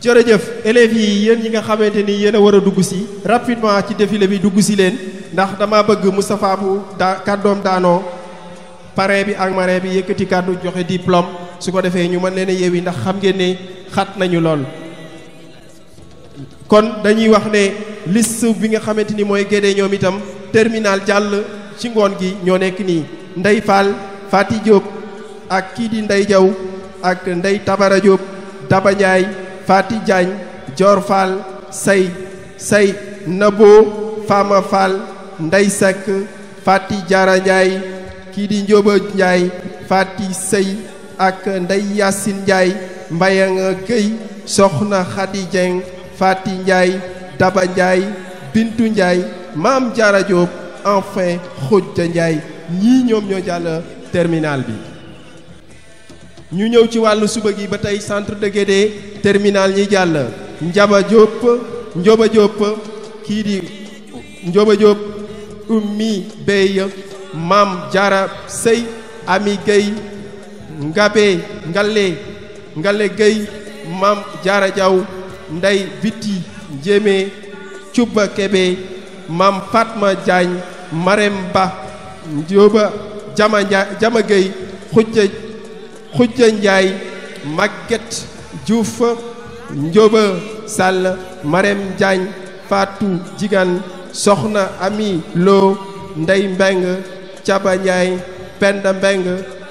jërëjëf élèves yi yéen yi nga xamante ni yéen a war a dugg si rapidement ci défilé bi dugg si leen ndax dama bëgg Moustapha bu da kàddoom daanoo pare bi ak mare bi yëkkati kàddu joxe diplôme su ko defee ñu mën leen a yi ndax xam ngeen ne xat nañu lool. kon dañuy wax ne liste bi nga xamante ni mooy gédee ñoom itam terminal jàll ci ngoon gi ñoo nekk nii Ndey Fall Fati Diop ak kii di Ndey Jaw ak Ndey Tabara Diop Daba Ndiaye. Fati Diagne Dior Fall Say Say Nabo Fama Fall Ndey Seck Fati Diarra Ndiaye kii di Njóoba Ndiaye Fati Sey ak Ndey Yacine Ndiaye Mbayang Gueye Soxna Khady Dieng faati njaay Daba Ndiaye Bintu njaay Maam Diarra Diop enfin Khoudia Ndiaye ñii ñoom ñoo jàll terminal bi ñu ñëw ci wàllu suba gi ba tey centre de terminal ñi jàll Njaba Diop Njoba Diop kii di Njoba Ummi Bey Maam Jaara Sey Ami Gueye Ngabe Ngalle Ngalle Gueye Maam Jaara Jaw Ndey Biti Njémé Cuba Kebe Maam Fatma Diagne Marem Ba Njoba Jama Jama Gueye Xujja Xujja Njaay Maguette Diouf Ndioba Sall Marème Diagne Fatou Digan Soxna Ami Lo Ndey Mbeng Caba Ndiaye Penda Mbeng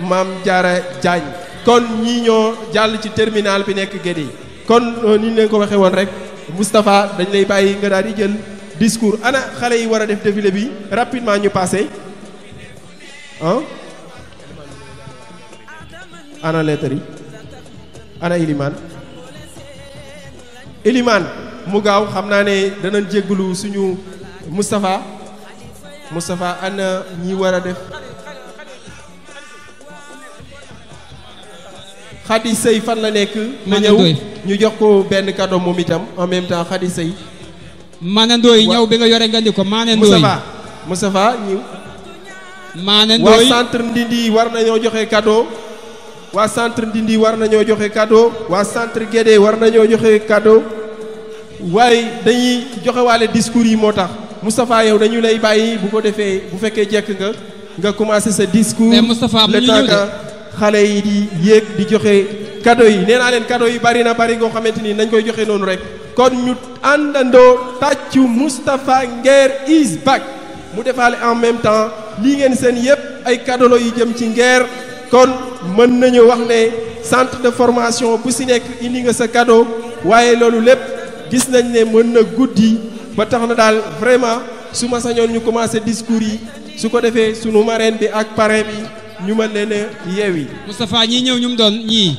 Maam Jara jaañ kon ñii ñoo jàll ci terminal bi nekk Guédé kon euh, ni ñu leen ko waxee woon rek Moustapha dañ lay bàyyi nga daal di jël discours ana xale yi war a def défilé bi rapidement ñu passé ah ana lettre ana Elimane Elimane mu gaaw xam naa ne dana jégalu suñu mustafa Moustapha ana ñi war a def Khady sëy fan la nekk na ñëw ñu jox ko benn cadeau moom itam en même temps Khady Sey maana ndooy ñëw bi nga yore nga ni ko maana ndooy Moustapha ñëw maana ndooy waa centre Ndindi war nañoo joxe cadeau waa centre Ndindi war nañoo joxe kado waa centre Guédé war nañoo joxe cadeau waaye dañuy joxewaale discours yi moo tax Moustapha yow dañu lay bàyyi bu ko defee bu fekkee jekk nga nga commencé sa discours. mais Moustapha le temps que xale yi di yéeg di joxe cadeau yi nee naa leen cadeau yi bari na bari goo xamante ni nañ koy joxe noonu rek. kon ñu àndandoo tàccu Moustapha Nguer is back mu defaale en même temps lii ngeen seen yëpp ay cadeau yu jëm ci Nguer. kon mën nañu wax ne centre de formation bu si nekk indi nga sa cadeau waaye loolu lépp gis nañ ne mën na guddi ba tax na daal vraiment su ma sañoon ñu commencé discours yi su ko defee sunu marraine bi ak parrain bi ñu mën leen a yi Moustapha ñii ñëw ñu mu doon ñii.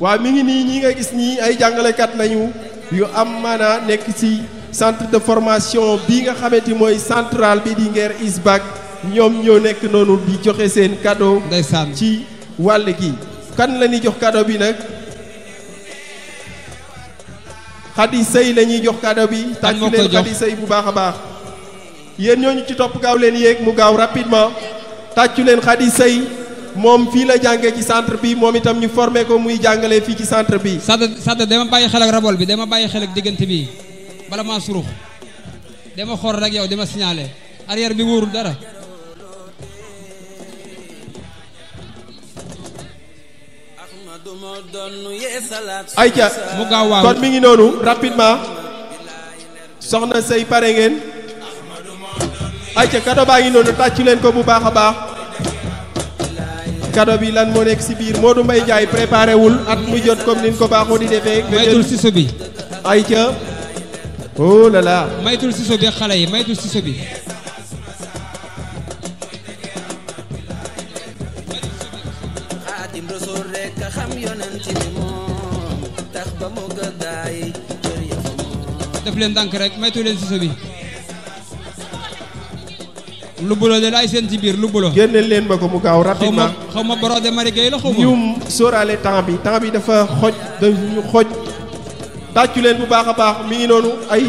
waaw mi ngi nii ñi nga gis ñii ay jàngalekat nañu yu am maanaa nekk ci centre de formation bii nga xamante mooy centrale bi di Nguer ISBAC. ñoom ñoo nekk noonu di joxe seen cadeau. saan ci wàll gi. kan la ñuy jox cadeau bi nag. Khady Seye la ñuy jox cadeau bi. tàcc leen Khady Seye bu baax a baax. yéen ñooñu ci topp gaaw leen yéeg mu gaaw rapidement. tàccu leen Khady Seye moom fii la jàngee ci centre bi moom itam ñu formé ko muy jàngalee fii ci centre bi. Sadda Sadda dama bàyyi xel ak rabol bi dama bàyyi xel ak diggante bi bala maa surux dama xool rek yow dama siñaale arrière bi wóorul dara. ay mu gaaw waaw mi ngi noonu rapidement soxna sey ngeen ayca kado baa ngi noonu tàccu leen ko bu baax a baax kado bi lan moo nekk si biir Modou Mbaye Ndiaye préparé wul at mu jot comme ni ko baaxoo di defee. maytul siso bi. ayca oh là là. maytul siso bi xale yi maytul siso bi. te xam def leen ndànk rek maytu leen siso bi lubbulo de laay seen ci biir lubbulo génneel leen ma ko mu gaaw rapidement xaw ma borode mari gay la xaw ma ñu sóoraale temps bi temps bi dafa xoj dañu xoj tàccu leen bu baax a baax mi ngi noonu ay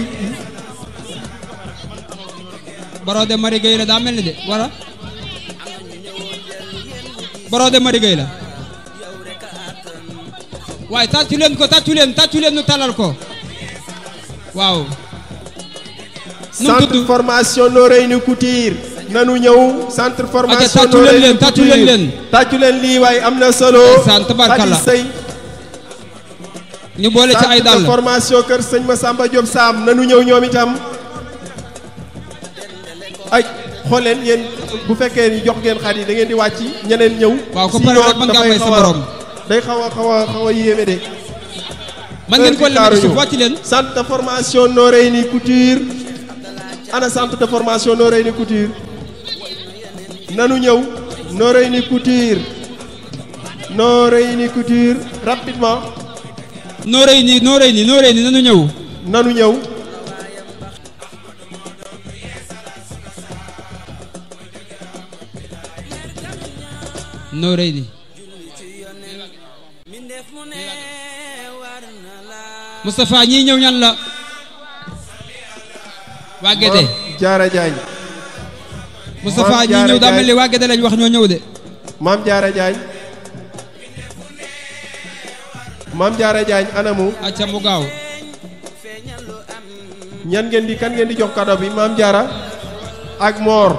borode mari gay la daa mel ni de wala borode mari gay la waaye tàccu leen ko tàccu leen tàccu leen nu talal ko waaw. centre formation Noreyni Couture nanu ñëw centre formation. Noreyni Couture tàccu leen leen tàccu leen lii waaye am na solo. sant tabarkalla ñu boole ci ay dàll formation kër sëñ Massamba Diop Sam nanu ñëw ñoom itam ay xool leen yéen bu fekkee ni jox ngeen xar yi da ngeen di wàcc ñeneen ñëw. waaw ko pare rek mën ngaa may sa borom day xaw a xaw xaw a yéeme de. man ngeen ko lemee suuf wàcc leen. centre de formation Noreyni Couture ana centre de formation Noreyni Couture nanu ñëw Noreyni Couture Noreyni Couture rapidement. Noreyni nanu ñëw. nanu ñëw. Moustapha ñii ñëw ñan la waa Jaara Jaañ Moustapha ñii ñëw daa mel ni waa Gédé lañ wax ñoo ñëw de Maam Jaara Jaañ Maam Jaara Jaañ anamu acca mu gaaw ñan ngeen di kan ngeen di jox kado bi Maam Jaara ak Moor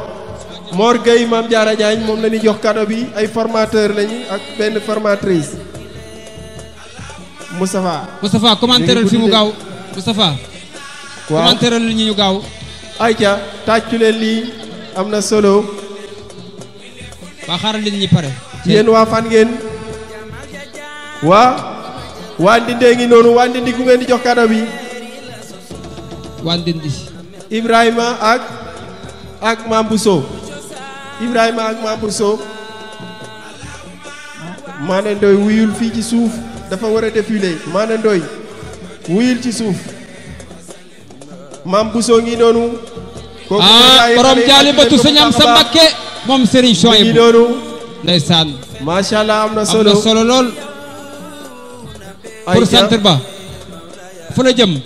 Moor Gueye Maam Jaara Jaañ moom la ñuy jox kado bi ay formateur lañu ak benn formatrice Moustapha. Moustapha commentaire fi mu gaaw Moustapha. waaw commentaire li ñu gaaw. ayca am na solo. waa xaaral nit ñi pare. yéen waa fan ngeen. waa. waa Ndindee noonu waa ku ngeen di jox kado bi. waa Ndindi. Ibrahima ak ak Mame Bousso Ibrahima ak Mame Bousso doy wuyul fii ci suuf. dafa war a défilé maana ndooy wuyil ci suuf maam Bousso ngi noonu. kooku ah borom jaali batu moom Serigne Choy bu saan macha allah am na solo solo lool. pour centre ba. fu la jëm.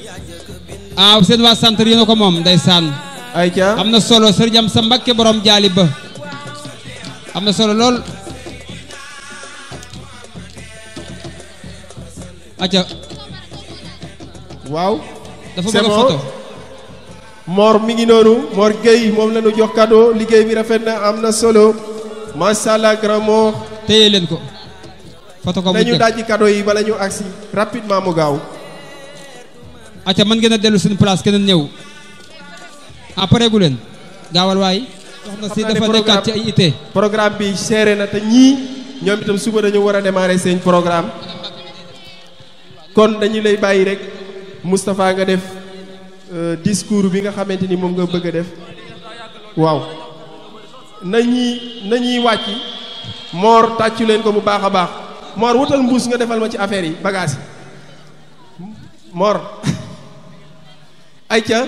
ah seen waa centre yi na ko moom ndeysaan. ayca am na solo Serigne am sa Mbakke borom jaali ba. am na solo lool. acca waaw dafa bëgg photo Mor mi ngi noonu Mor Gueye moom la ñu jox cadeau liggéey bi rafet na am na solo macha allah grand Mor. téye leen ko. photo ko nañu dajji cadeau yi bala ñu agsi rapidement mu gaaw. acca man ngeen a dellu seen place keneen ñëw. ah pareegu leen. gaawal waay. soxna si dafa nekkaat ci ay ité. programme bi seere na te ñii ñoom itam suba dañu war a démarrer seen programme. kon dañu lay bàyyi rek Moustapha nga def euh, discours bi nga xamante ni moom nga bëgg a def waaw nañuy nañuy wàcc moor tàccu leen ko bu baax a baax moor wutal mbuus nga defal ma ci affaire yi bagaas yi moor ayca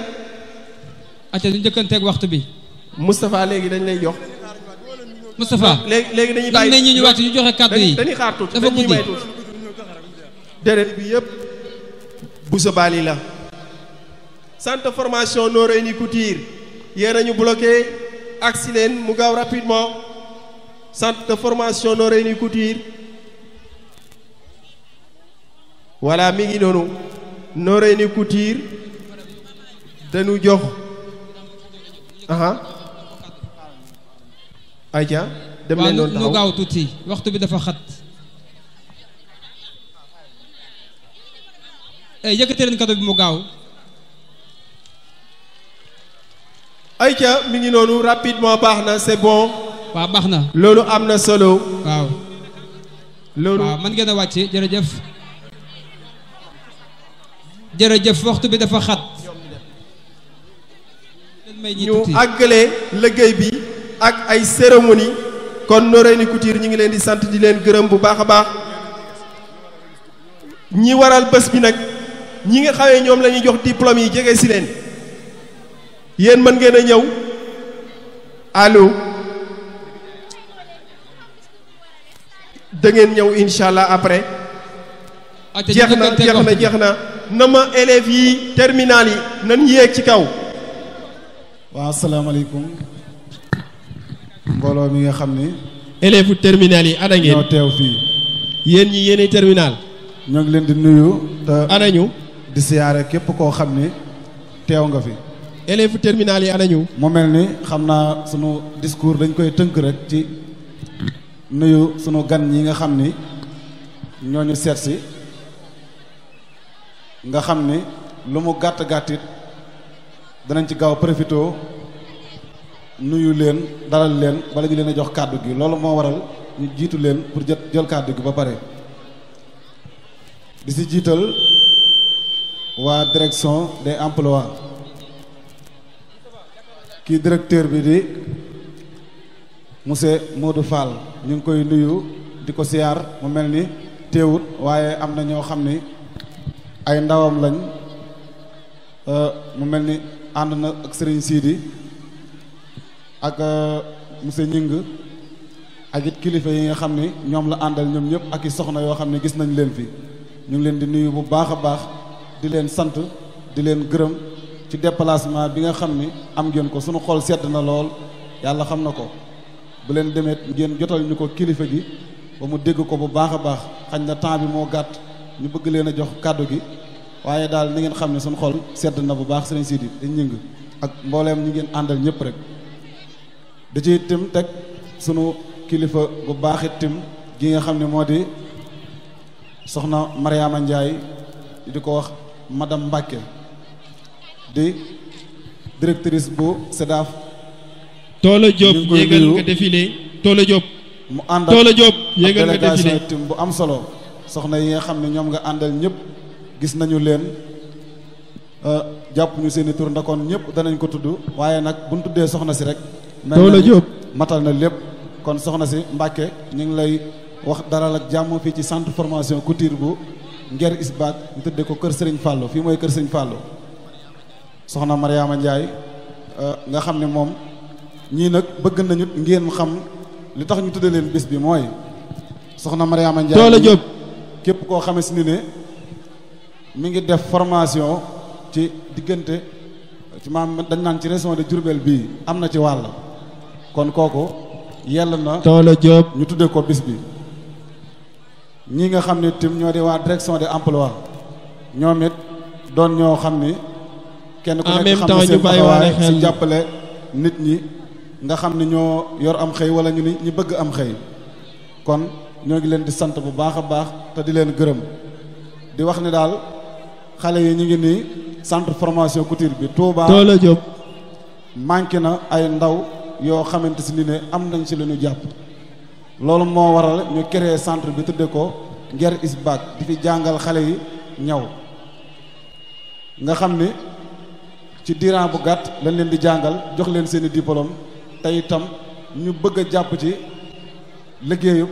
ayca ñu njëkkanteeg waxtu bi Moustapha léegi dañ lay jox Moustapha léegi léegi dañuy bàyyi léegi ñu wàcc ñu joxe kàddu yi dañuy xaar dafa guddi deret bi yëpp Bousso Bali la centre formation Noreyni Couture yéen a ñu bloqué agsi leen mu gaaw rapidement centre de formation Noreyni Couture voilà mi ngi noonu Noreyni Couture dañu jox aha aja dem leen noonu taxaw waaw nu gaaw tuuti waxtu bi dafa xat Eh, yëkkatee leen cadeau bi mu gaaw ayca mi ngi noonu rapidement baax na c'est bon waaw baax na loolu am na solo waaw loolu waaw man ngeen a wàcc jërëjëf jërëjëf waxtu bi dafa xat ñu àggale liggéey bi ak ay cérémonie kon Noreyni Couture ñu ngi leen di sant di leen gërëm bu baax a baax ñi waral bés bi nag ñi nga xamee ñoom la ñuy jox diplôme yi jege si leen yéen mën ngeen a ñëw allo da ngeen ñëw incha allah après. jeex na jeex na jeex na na ma élèves yi terminal yi nan yéeg ci kaw. waaw asalaamaaleykum mbooloo mi nga xam ni. élèves yu yi ana ngeen. ñoo teew fii. yéen ñi yéenay terminal. ñoo ngi leen di nuyu te. ana di képp koo xam ni teew nga fi. élèves terminale yi anañu. mu mel ni xam naa sunu discours dañ koy tënk rek ci nuyu sunu gan yi nga xam ni ñoo ñu seet si nga xam ni lu mu gàtt gàttit danañ ci gaaw profité nuyu leen dalal leen bala ñu leen a jox kàddu gi loolu moo waral ñu jiitu leen pour jot jël kàddu gi ba pare di si jiital. waa direction des emplois kii directeur bi di monsieur Modou Fall ñu ngi koy nuyu di ko siyaar mu mel ni teewut waaye am na ñoo xam ni ay ndawam lañ euh, mu mel ni ànd na ak Serigne Sidi ak euh, monsieur Ñing ak it kilifa yi nga xam ni ñoom la àndal ñoom ñëpp ak yi soxna yoo xam ne gis nañ leen fi ñu ngi leen di nuyu bu baax a baax di leen sant di leen gërëm ci déplacement bi nga xam ni am ngeen ko sunu xol sedd na lool yàlla xam na ko bu leen demet ngeen jotal ñu ko kilifa gi ba mu dégg ko bu baax a baax xañ na temps bi moo gàtt ñu bëgg leen a jox kàddu gi waaye daal ni ngeen xam ne sunu xol sedd na bu baax sëriñ Sidi dañ ñëng ak mbooleem ñi ngeen àndal ñëpp rek da ci tim teg sunu kilifa bu baax it tim gi nga xam ne moo di soxna Mariama Ndiaye di ko wax madame Mbacke di directrice bu SEDAF. Toola Diop yéegal nga défilé Toola Diop. mu ànd ak délégation tim bu am solo soxna yi nga xam ne ñoom nga àndal ñëpp gis nañu leen euh, jàpp ñu seeni i tur ndakoon ñëpp danañ ko tudd waaye nag bu ñu tuddee soxna si rek. Toola matal na lépp kon soxna si Mbacke ñu ngi lay wax dalal ak jàmm fii ci centre formation couture bu. Nger Isbaat ñu tëddee ko kër Serigne Fallou fii mooy kër Serigne Fallou soxna Mariama Ndiaye euh, nga xam ne moom ñii nag bëgg nañu ngeen xam li tax ñu tuddee leen bés bi mooy soxna Mariama Ndiaye doole Diop képp koo xamee si ni ne mi ngi def formation ci diggante ci maam dañ naan ci région de Diourbel bii am na ci wàll kon kooku yell na doole Diop ñu tuddee ko bis bi ñi nga xam ne tim ñoo di waa direction de emploi ñoom it doon ñoo xam ni kenn ku nekk xam ne seen taxawaay si jàppale nit ñi nga xam ni ñoo yor am xëy wala ñu ni ñi bëgg am xëy kon ñoo ngi leen di sant bu baax a baax te di leen gërëm di wax ni daal xale yi ñu ngi nii sant formation couture bi Touba la Diop manqué na ay ndaw yoo xamante si ni ne am nañ si lu ñu jàpp loolu moo waral ñu créer centre bi tudde ko Nguer is back di fi jàngal xale yi ñaw nga xam ni ci diiraan bu gàtt lañ leen di jàngal jox leen seeni diplôme te itam ñu bëgg a jàpp ci liggéeyu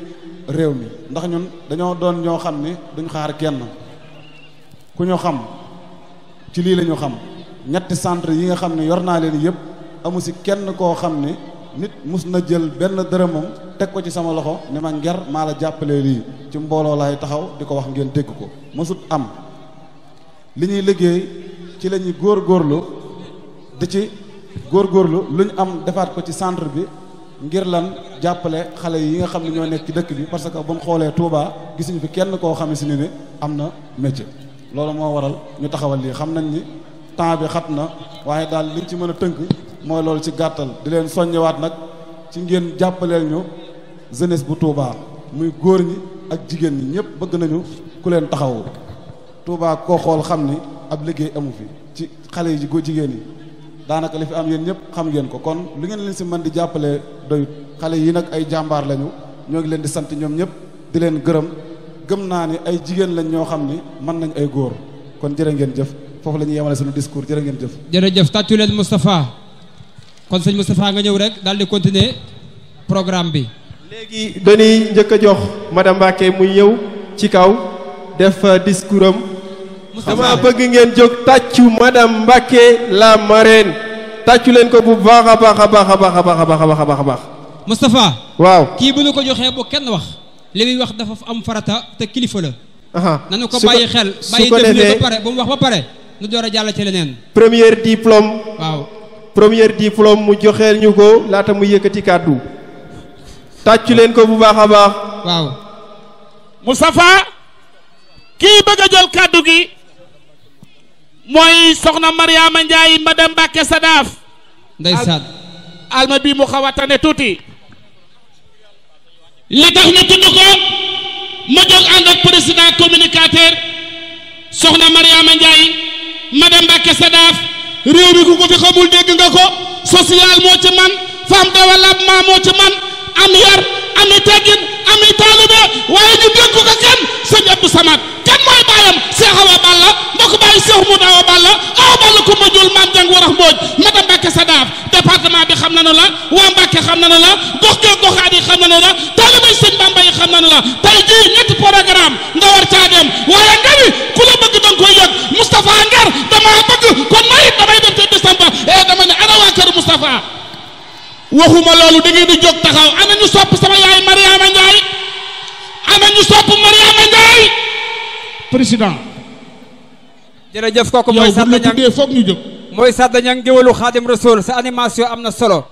réew mi ndax ñun dañoo doon ñoo xam ni duñ xaar kenn ku ñu xam ci lii la ñu xam ñetti centre yi nga xam ne yor naa leen yëpp amu si kenn koo xam ni nit mus na jël benn dërëmam teg ko ci sama loxo ni ma nger maa la jàppale lii ci mbooloo laay taxaw di ko wax ngeen dégg ko mësut am li ñuy liggéey ci la ñuy góorlu di ci góorgóorlu lu ñu am defaat ko ci centre bi ngir lan jàppale xale yi nga xam ne ñoo nekk ci dëkk bi parce que bu xoolee Touba gisuñu fi kenn koo xamee ni ne ni am na métier loolu moo waral ñu taxawal lii xam nañ ni temps bi xat na waaye daal liñ ci mën a tënk mooy loolu ci gàttal di leen soññewaat nag ci ngeen jàppaleel ñu jeunesse bu Touba muy góor ñi ak jigéen ñi ñëpp bëgg nañu ku leen taxawu Touba koo xool xam ni ab liggéey amu fi ci xale yi go jigéen yi daanaka li fi am yéen ñëpp xam ngeen ko kon li ngeen leen si mën di jàppale doyut xale yi nag ay jàmbaar lañu ñoo ngi leen di sant ñoom ñëpp di leen gërëm gëm naa ni ay jigéen lañ ñoo xam ni mën nañ ay góor kon jërë ngeen jëf foofu la ñuy yemale suñu discours jërë ngeen jëf. jërëjëf tàccu kon sëñ Moustapha nga ñëw rek daal di continuer programme bi. léegi dañuy njëkk a jox madame Mbacké muy ñëw ci kaw def euh, discours am. dama bëgg ngeen jóg tàccu madame Mbacké la marraine tàccu leen ko bu baax a baax a baax a baax a baax a baax a baax. Moustapha. waaw kii bu ñu ko joxee bu kenn wax li muy wax dafa am farata te kilifa la. nañu ko bàyyi xel bàyyi def ba mu wax ba pare nu door a jàll ci leneen. premier diplôme. waaw. premier diplôme mu joxeel ko laata mu yëkkati kàddu tàccu leen ko bu baax a baax waaw Moustapha kii bëgg a jël kàddu gi mooy soxna Mariama Ndiaye madame Mbacke Sadaf ndeysaan alma bi mu xaw tuuti li tax ñu tudd ko ma jóg ànd ak président communicateur soxna Mariama Ndiaye madame Mbacke Sadaf réew mi ku ko fi xamul dégg nga ko social moo ci man femme développement moo ci man am yar ami teggin ami taalibe waaye ñu dégg ko kenn sëñ Abdou Samad kan mooy baayam Cheikh Awa Balla mbokk bàyyi Cheikh Mouda Awa Balla Awa Balla ku ma jul maam jàng warax mbooj madame Mbacke Sadaf département bi xam nañu la waa Mbacke xam nañu la gox geeg goxaat yi xam nañu la taalibe sëñ Bamba yi xam nañu la tey jii ñetti programme nga war caa kon maa it damay dem ca décembre eh dama ne ana waa kër Moustapha waxuma loolu da ngeen jóg taxaw ana ñu sopp sama yaay Mariama Ndiaye ana ñu sopp Mariama Ndiaye président. jërëjëf kooku mooy Sadda Niang yow foog Xaadim Rasool sa animation am na solo.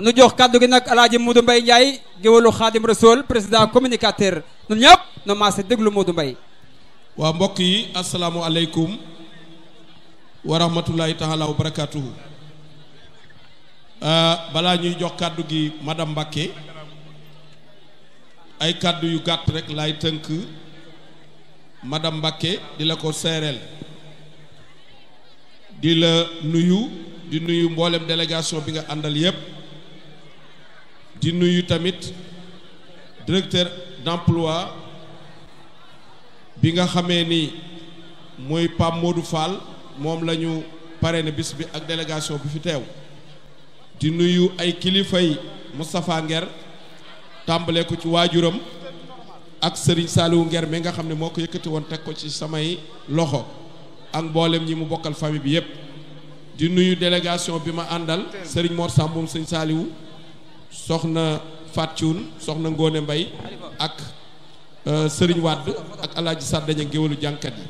nu jox kàddu gi nag El Hadj Modou Mbaye Ndiaye géwalu Xaadim Rasool président communicateur ñun ñëpp nu maase déglu Modou Mbaye. waa mbokk yi asalaamualeykum. wa rahmatullahi taala wa barakatuhu ah, balaa ñuy jox kàddu gi madame Mbacké ay kàddu yu gàtt rek lay tënk madame Mbacké di la ko seereel di la nuyu di nuyu mboolem délégation bi nga àndal yépp di nuyu tamit directeur d'emploi bi nga xamee ni mooy Pape Modou moom lañu pare na bis bi ak délégation bi fi teew di nuyu ay kilifay Moustapha Nguer tàmbale ko ci waajuram ak Serigne saaliwu Nguer mi nga xam ne moo ko yëkkati woon teg ko ci samay loxo ak mboolem ñi mu bokkal famille bi yëpp di nuyu délégation bi ma àndal Serigne Mor moom Serigne Saliou soxna Fatou Thioune soxna Ngone mbay ak euh, sëriñ Wade ak El Hadj Saddaña géwalu jànkat yi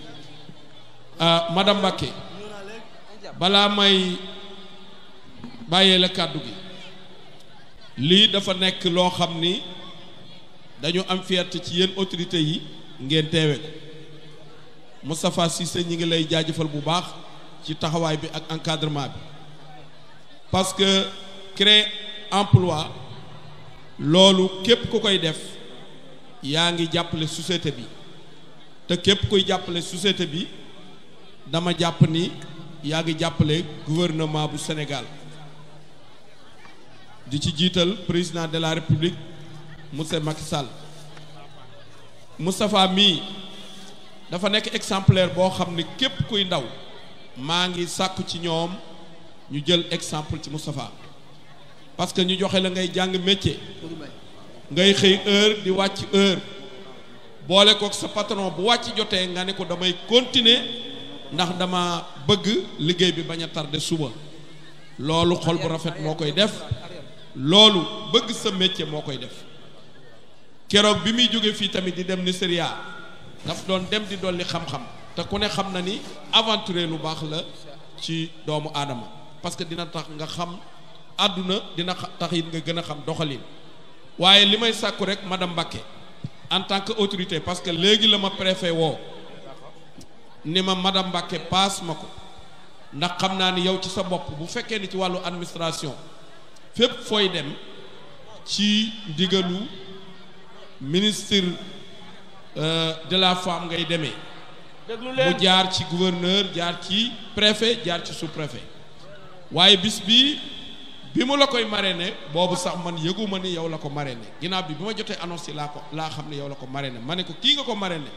euh, Madame Mbacké balaa may bàyyee la kàddu gi lii dafa nekk loo xam ni dañu am fierté ci yéen autorité yi ngeen teewe ko Moustapha Cissé ñi ngi lay jaajëfal bu baax ci taxawaay bi ak encadrement bi parce que créer emploi loolu képp ku koy def yaa ngi jàppale société bi te képp kuy jàppale société bi dama jàpp ni yaa ngi jàppale gouvernement bu senegal di ci jiital président de la république monsieur Macky Sall Moustapha mii dafa nekk exemplaire boo xam ne képp kuy ndaw maa ngi sàkku ci ñoom ñu jël exemple ci Moustapha parce que ñu joxe la ngay jàng métier ngay xëy heure di wàcc heure boole kook sa patron bu wàcc jotee nga ne ko damay continuer ndax dama bëgg liggéey bi bañ a tardé suba loolu xol bu rafet moo koy def loolu bëgg sa métier moo koy def keroog bi muy jógee fii tamit di dem Nigeria daf doon dem di dolli xam-xam te ku ne xam na ni aventure lu baax la ci doomu aadama parce que dina tax nga xam àdduna dina tax it nga gën a xam doxalin waaye li may sàkku rek madame Mbacké en tant que autorité parce que léegi la ma préfet woo ni ma madame Mbacke paas ma ko ndax xam naa ni yow ci sa bopp bu fekkee ni ci wàllu administration fépp fooy dem ci ndigalu ministre euh, de la femme ngay demee mu jaar ci gouverneur jaar ci préfet jaar ci sous-préfet waaye bis bi bi mu la koy marrainer boobu sax man yëguma ni yow la ko marrainer ginnaaw bi bi ma jotee annonce laa ko laa xam ne yow la ko marrainer ma ne ko kii nga ko marrainer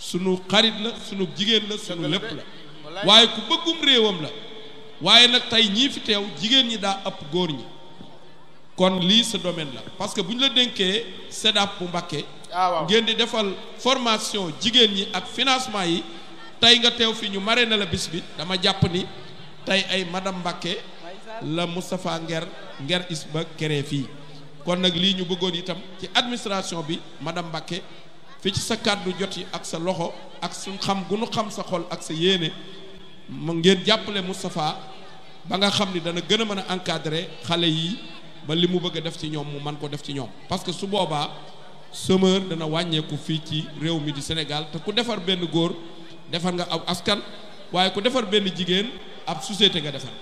sunu xarit la sunu jigéen la sunu lépp la waaye ku bëggum réewam la waaye nag tey ñii fi teew jigéen ñi daa ëpp góor ñi kon lii sa domaine la parce que bu ñu la dénkee SEDAP bu Mbacké ah, ngeen di defal formation jigéen ñi ak financement yi tey nga teew fi ñu mare na la bis bi dama jàpp ni tey ay madame Mbacké la Moustapha Nger Nger Isba créé fii kon nag lii ñu bëggoon itam ci administration bi madame Mbacké fi ci sa kàddu jot yi ak sa loxo ak suñ xam gu nu xam sa xol ak sa yéene mu ngeen jàppale Moustapha ba nga xam ni dana gën a mën a encadrer xale yi ba li mu bëgg a def ci ñoom mu man ko def ci ñoom parce que su boobaa semeur dana wàññeeku fii ci réew mi di Sénégal te ku defar benn góor defar nga aw askan waaye ku defar benn jigéen ab société nga defar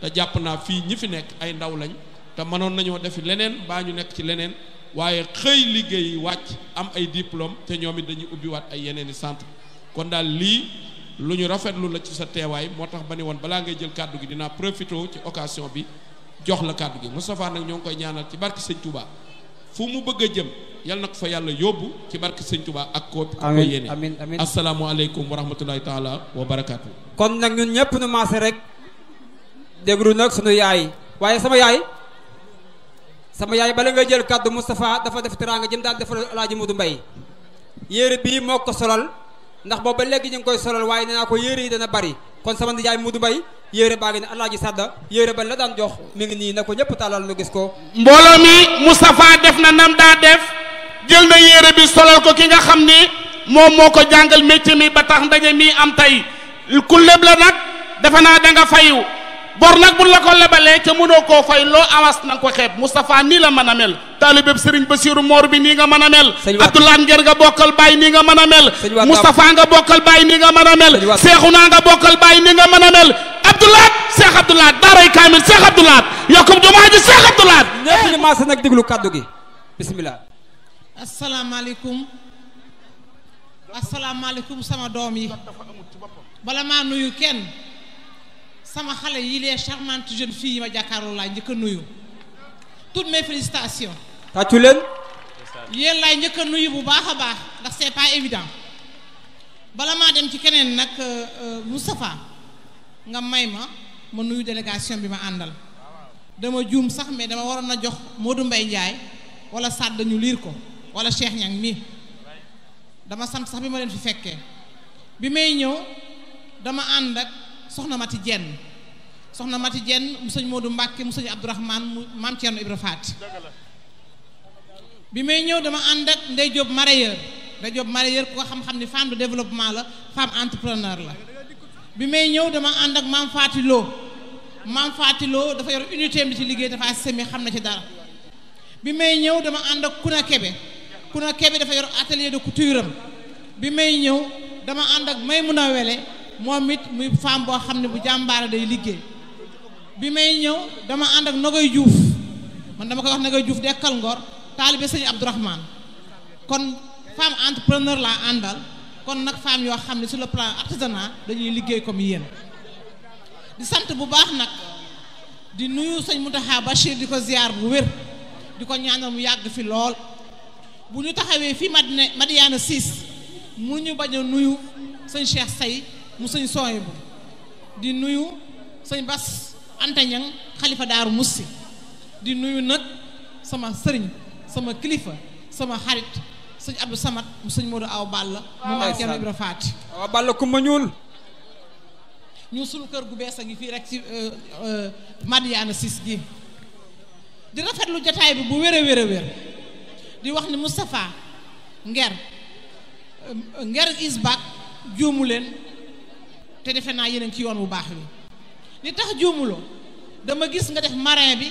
te jàpp naa fii ñi fi nekk ay ndaw lañ te mënoon nañoo defi leneen baa ñu nekk ci leneen waaye xëy liggéey wàcc am ay diplôme te ñoom it dañuy ubbiwaat ay yeneen i centre kon daal lii lu ñu rafetlu la ci sa teewaay moo tax ba ne woon balaa ngay jël kàddu gi dinaa profité ci occasion bi jox la kàddu gi Moustapha nag ñoo ngi koy ñaanal ci barke sëñ Touba fu mu bëgg a jëm yal na ko fa yàlla yóbbu ci barke sëñ Touba ak ko ko yéene amiin amiin asalaamualeykum wa rahmatulahi taala wa barakaatu. kon nag ñun ñëpp nu maase rek déglu nag sunu yaay waaye sama yaay. sama yaay bala ngay jël kàddu Moustapha dafa def teraanga jëm daal defal alaaji Modou Mbaye yére bii moo ko solal ndax boobu ba léegi ñu ngi koy solal waaye nee naa ko yére yi dana bari kon sama nijaay Modou Mbaye yére baa ngi ne alaaji Sadda yére ban la daan jox mi ngi nii na ko ñëpp tàllal nu gis ko mbooloo mi Moustapha def na nam daa def jël na yére bi solal ko ki nga xam ni moom moo ko jàngal métier mi ba tax ndaje mi am tey ku léb la nag defe naa da nga bor nag bu la ko lebalee ca mënoo ko fay loo avance na nga ko xeeb Moustapha nii la mën a mel taalibeb Serigne Bassirou Mor bi nii nga mën a mel Abdoulaye Nger nga bokkal Baye nii nga mën a mel Moustapha nga bokkal nga mën a nga bokkal Baye nii nga mën a mel Abdoulaye Cheikh Abdoulaye daaray kaamil Cheikh Abdoulaye yokkum jumaa ji Cheikh Abdoulaye ñëpp ñu maase nag déglu kàddu gi bismillah asalaamaaleykum asalaamaaleykum sama doom yi bala maa nuyu kenn sama xale yi les charmantes jeunes filles yi ma jàkkaarloo laa njëkk a nuyu toutes mes félicitations. tàccu leen. yéen laay njëkk a nuyu bu baax a baax ndax c'est pas évident bala maa dem ci keneen nag euh, euh, Moustapha nga may ma ma nuyu délégation bi ma àndal dama juum sax mais dama waroon a jox Modou mbay Ndiaye wala Sadd ñu liir ko wala Cheikh ñan mi dama sant sax bi ma leen fi fekkee bi may ñëw dama ànd ak. soxna Mati Dieng soxna Mati jenn mu sëñ Modou Mbacke mu sëñ Abdourahmane mu maam Thierno Ibra Faat bi may ñëw dama ànd ak Ndey Diop mareyeur Ndey Diop mareyeur ku ko xam-xam ni femme de développement la femme entrepreneur la bi may ñëw dama ànd ak maam Faati Lo maam Faati dafa yor unité am ci liggéey dafa semi xam na ci dara bi may ñëw dama ànd ak Kuna Kebe Kuna Kebe dafa yor atelier de couture bi may ñëw dama ànd ak Maymuna Wele moom it muy femme boo xam ne bu jàmbaara day liggéey bi may ñëw dama ànd ak Nogay Diouf man dama koy wax Nogay Diouf dekkal ngor taalibe sëñ Abdourahman kon femme entrepreneur laa àndal kon nag femme yoo xam ne sur le plan artisanat dañuy liggéey comme yéen di sant bu baax nag di nuyu sëñ Mountakha Bachir di ko ziar bu wér di ko ñaanal mu yàgg fi lool bu ñu taxawee fii Madina Madiana 6 mu ñu bañ a nuyu sëñ Cheikh Say mu sëñ sooy bu di nuyu sëñ bas antañang xalifa daaru mussi di nuyu nag sama sëriñ sama kilifa sama xarit sëñ abdou samat mu sëñ moodu aw bàll mu maa kenn ibra faati aw ñuul ñu sunu gu bees a ngi fii rek ci euh, euh, Madiana sis gi di rafetlu jataay bi bu wér a a wér di wax ni mustafa Nger euh, Nger is back juumu leen te defe naa yéen ci yoon bu baax bi li tax juumuloo dama gis nga def marin bi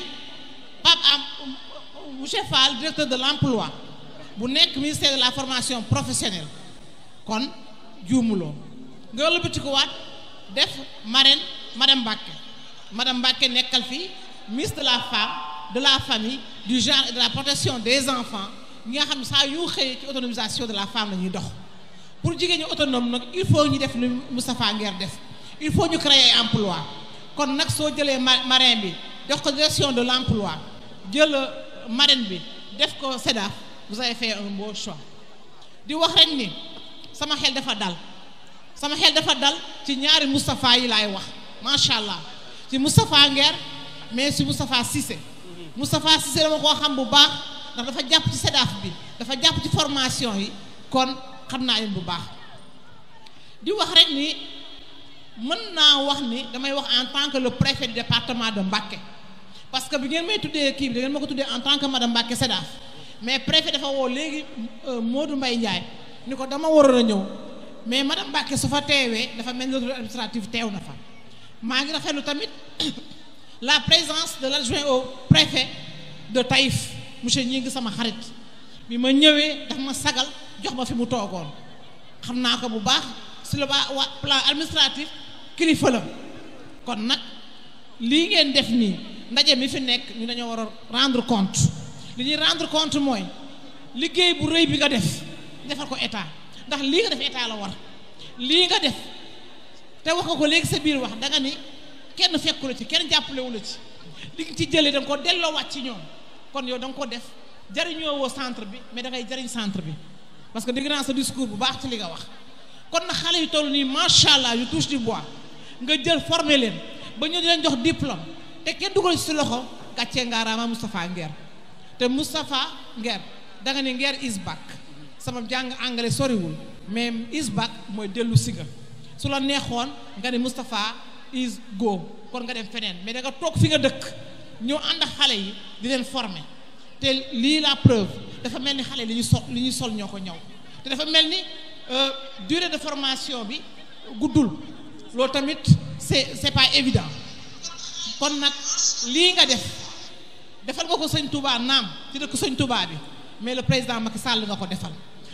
Pape am monsieur Fall directeur de l'emploi bu nekk ministère de la formation professionnelle kon juumuloo nga wëlbati ko waat def marraine madame Mbacke madame Mbacke nekkal fi ministre de la femme de la famille du genre de la protection des enfants ñi nga xam ne saa yu xëyee ci autonomisation de la femme la ñuy dox pour jigéen ñi autonome nag il faut ñu def lu Moustapha Nguer def il faut ñu créer emploi kon nag soo jëlee marin bi jox ko gestion de l'emploi jël euh, marine bi def ko SEDAF vous avez fait un beau choix di wax rek ni sama xel dafa dal sama xel dafa dal ci ñaari Moustapha yi laay wax macha allah ci Moustapha Nguer mais ci Moustapha sise Moustapha Cissé dama koo xam bu baax ndax dafa jàpp ci SEDAF bi dafa jàpp ci formation yi kon xam naa leen bu baax di wax rek nii mën naa wax ni damay wax en tant que le préfet du département de Mbacké parce que bi ngeen may tuddee kii bi da ngeen ma ko tuddee en tant que madame Mbacké Sedaf mais préfet dafa woo léegi euh, Modou Mbaye Ndiaye ni ko dama waroon a ñëw mais madame Mbacké su fa teewee dafa mel ni l'autorité administrative teew na fa maa ngi rafetlu tamit la présence de l'adjoint au préfet de Taïf monsieur ñi ngi sama xarit bi ma ñëwee daf ma sagal jox ma fi mu toogoon xam naa ko bu baax sur le plan administratif kilifa la kon nag lii ngeen def nii ndaje mi fi nekk ñu dañoo war a rendre compte li ñuy rendre compte mooy liggéey bu rëy bi nga def defal ko état ndax lii nga def état la war lii nga def te wax nga ko léegi sa biir wax danga nga ni kenn fekku la ci kenn jàppalewu la ci li ci jëlee da ko delloo delloowaat ci ñoom kon yow da nga ko def jariñoo woo centre bi mais da ngay jariñ centre bi parce que dégg naa sa discours bu baax ci li nga wax kon na xale yi toll nii macha allah yu touche du bois nga jël former leen ba ñu di leen jox diplôme te kenn dugal si loxo gàccee ngaaraama Moustapha Nguer te Moustapha Nguer da nga ne Nguer is back sama jàng anglais soriwul mais is back mooy dellu si nga su la neexoon nga ne Moustapha is go kon nga dem feneen mais da nga toog fi nga dëkk ñëw ànd xale yi di leen former. te lii la preuve dafa mel ni xale li ñu sol li ñu sol ñoo ko ñaw te dafa mel ni euh, durée de formation bi guddul loo tamit c'est c'est pas évident kon nag lii nga def defal nga ko sëñ Touba naam ci dëkk sëñ tubaab bi mais le président Macky sàll nga ko defal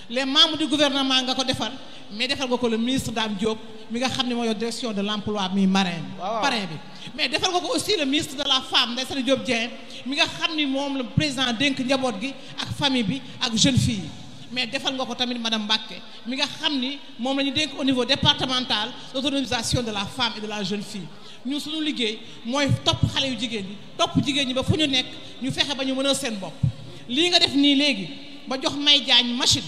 les membres du gouvernement nga ko defal mais defal nga ko le ministre Dame Diop mi nga xam ne moo yor direction de l' emploi mi marin parrain bi mais defal nga ko aussi le ministre de la femme Ndeye Saly Diop Dieng mi nga xam ni moom la président dénk njaboot gi ak famille bi ak jeune fille mais defal nga ko tamit madame Mbacké mi nga xam ni moom la ñu dénk au niveau départemental l' autonomisation de la femme et de la jeune fii ñu suñu liggéey mooy topp xale yu jigéen ñi topp jigéen ñi ba fu ñu nekk ñu fexe ba ñu mën a seen bopp lii nga def nii léegi ba jox may jaañ machine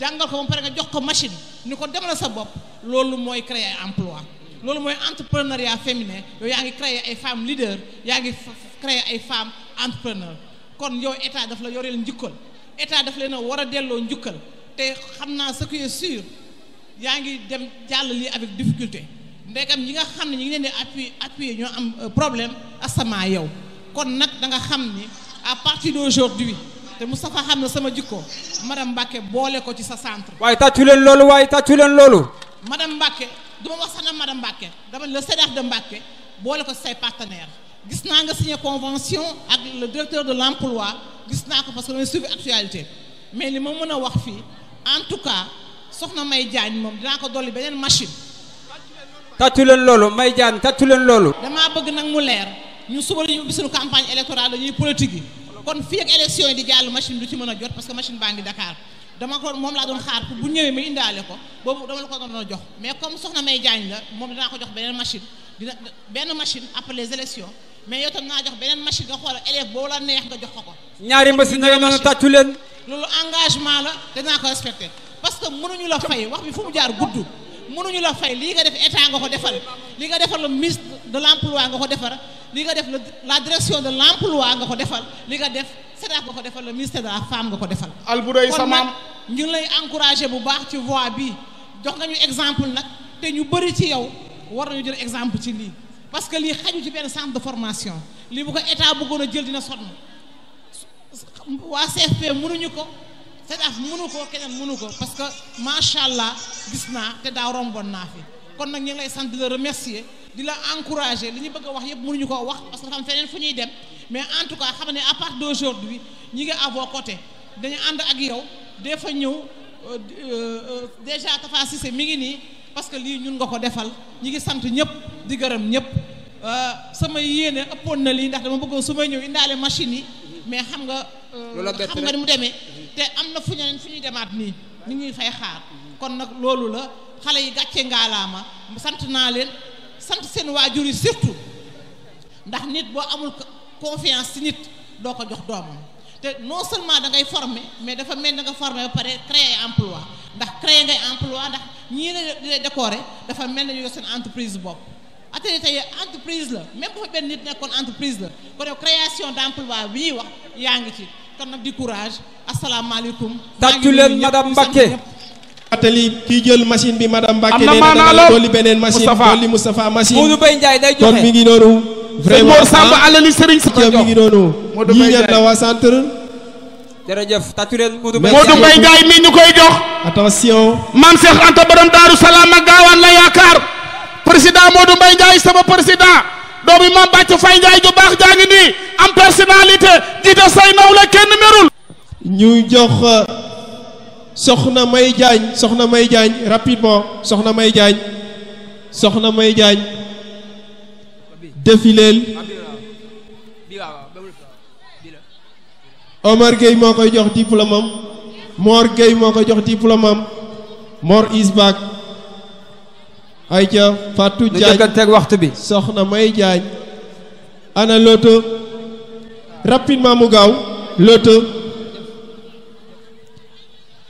jàngal ko ba nga jox ko machine ni ko demal sa bopp loolu mooy créer emploi loolu mooy entrepreneuriat féminin yaa ngi créer ay femmes leaders yaa ngi créer ay femmes entrepreneur kon yow état daf la yoreel njukkal état daf leen a war a delloo njukkal te xam naa sa qui est sûr yaa ngi dem jàll lii avec difficulté ndegam ñi nga xam ne ñi ngi leen di appuyer appuyer ñoo am euh, problème asamaa yow kon nag da nga xam ni à partir d'aujourd'hui te Moustapha xam na sama jikko madame Mbacke boole ko ci sa centre. waaye tàccu leen loolu waaye tàccu leen loolu. madame Mbacke du ma wax sax na madame Mbacke dama le CDH de Mbacke boole ko ci say partenaires gis naa nga signé convention ak le directeur de l' emploi gis naa ko parce que damay suivi actualité mais li ma mën a wax fii en tout cas soxna May Diagne moom dinaa ko dolli beneen machine. tàccu leen loolu May jaan tàccu leen loolu. damaa bëgg nag mu leer ñu suba la ñu ubbi suñu campagne électorale dañuy kon fii ak élection yi di jàll machine du ci mën a jot parce que machine baa ngi Dakar dama ko moom laa doon xaar bu ñëwee ma indaale ko boobu dama la ko doon jox mais comme soxna May Diagne la moom dinaa ko jox beneen machine dina benn machine après les mais yow tam naa jox beneen xool élève boo la neex nga jox ko ko. ñaari mbasi na nga tàccu leen. loolu engagement la danaa ko respecté parce que mënuñu la fay wax bi fu mu jaar gudd. mënuñu la fay lii nga def état nga ko defal li nga defal le ministre de l' nga ko defar. li nga def la direction de l'emploi nga ko defal li nga def SEDAF nga ko defal le ministère de la femme nga ko defal. Albouray Samaam maam ñu lay encouragé bu baax ci voie bi jox nga ñu exemple nag te ñu bëri ci yow war nañu jël exemple ci lii parce que lii xaju ci benn centre de formation lii bu ko état bëggoon a jël dina sonn waa CFP ñu ko. SEDAF mënu ko keneen mënu ko parce que macha allah gis naa te daaw romboon naa fi kon nag ñu lay sant di di la encourager li ñu bëgg a wax yëpp ñu ko wax parce que dafa am feneen fu ñuy dem mais en tout cas xam ne à partir d'aujourd'hui ñi ngi à vos côtés dañu ànd ak yow dee fa ñëw euh, euh, euh, déjà Tafa Cissé mi ngi nii parce que lii ñun nga ko defal ñu ngi sant ñëpp di gërëm ñëpp sama yéene ëppoon na lii ndax dama bëggoon su may ñëw indaale machine yi mais xam nga xam nga ni mu demee te am na fu ñeneen fu ñuy demaat nii ni ñuy fay xaar kon nag loolu la xale yi gàcce ngaalaama sant naa leen sant seen waajur yi surtout ndax nit boo amul confiance ci nit doo ko jox doomam te non seulement da ngay former mais dafa mel da nga former ba pare créer emploi ndax créer ngay emploi ndax ñii la di lay dafa mel na ñu yor seen entreprise bopp atelier tey entreprise la même bu fa benn nit nekkoon entreprise la kon yow création d'emploi bi ñuy wax yaa ngi ci kon nag di courage asalaamaaleykum. tàccu leen madame Mbacké fàttali kii jël machine bi madame Mbacke nee na dana la dolli beneen machine dolli Moustapha machine Modou ah, ñu koy jox attention Mame Cheikh Anta borom Daaru Salaam ak gaawaan la yaakaar président Modou Baye Ndiaye sama président doomi Mame Bàcc Faye Ndiaye ju baax jaa nii am personnalité jiite say naw kenn merul ñu jox soxna May Diagne soxna May Diagne rapidement soxna May Diagne soxna May Diagne défileel Omar Gueye moo koy jox diplôme am Mor Gueye moo koy jox diplôme am Mor is waxtu bi soxna May Diagne ana loto rapidement mu gaaw loto